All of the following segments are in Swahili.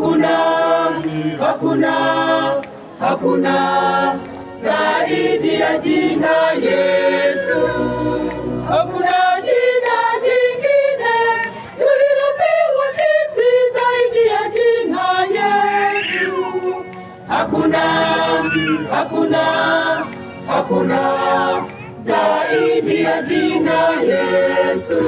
hakuna, hakuna, hakuna zaidi ya jina Yesu. Hakuna jina jingine tulilopewa sisi zaidi ya jina Yesu. Hakuna, hakuna, hakuna zaidi ya jina Yesu.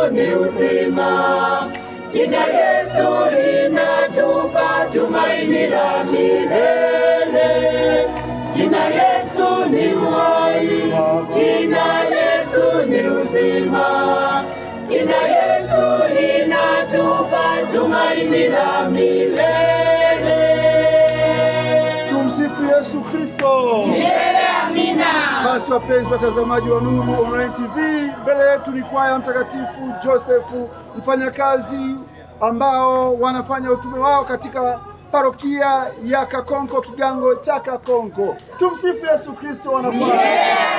tuone uzima. Jina Yesu linatupa tumaini la milele. Jina Yesu ni uhai, jina Yesu ni uzima. Jina Yesu linatupa tumaini la milele. Tumsifu Yesu Kristo. Amina. Basi wapenzi watazamaji wa Nuru Online TV, mbele yetu ni kwaya Mtakatifu Josefu mfanyakazi ambao wanafanya utume wao katika parokia ya Kakonko kigango cha Kakonko. Tumsifu Yesu Kristo, wanakwaya.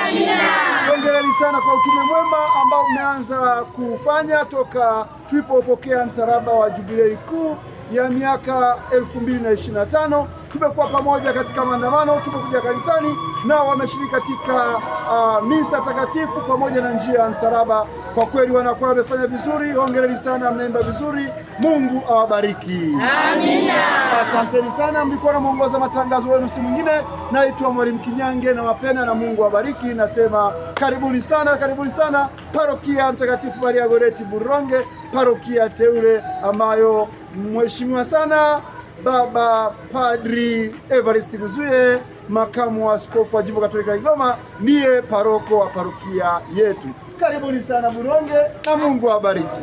Yeah, hongereni sana kwa utume mwema ambao mmeanza kufanya toka tulipopokea msalaba wa Jubilei kuu ya miaka 2025 tumekuwa pamoja katika maandamano, tumekuja kanisani na wameshiriki katika uh, misa takatifu pamoja na njia ya msalaba. Kwa kweli wanakuwa wamefanya vizuri. Hongereni sana, mnaimba vizuri. Mungu awabariki. Amina. Asanteni sana, mlikuwa na mwongoza matangazo wenu si mwingine, naitwa Mwalimu Kinyange na wapenda na Mungu awabariki. Nasema karibuni sana, karibuni sana parokia Mtakatifu Maria Goreti Buronge, parokia teule ambayo mheshimiwa sana Baba Padri Evarist Kuzuye, makamu wa askofu wa jimbo Katolika Kigoma, ndiye paroko wa parokia yetu. Karibuni sana Buronge na Mungu awabariki.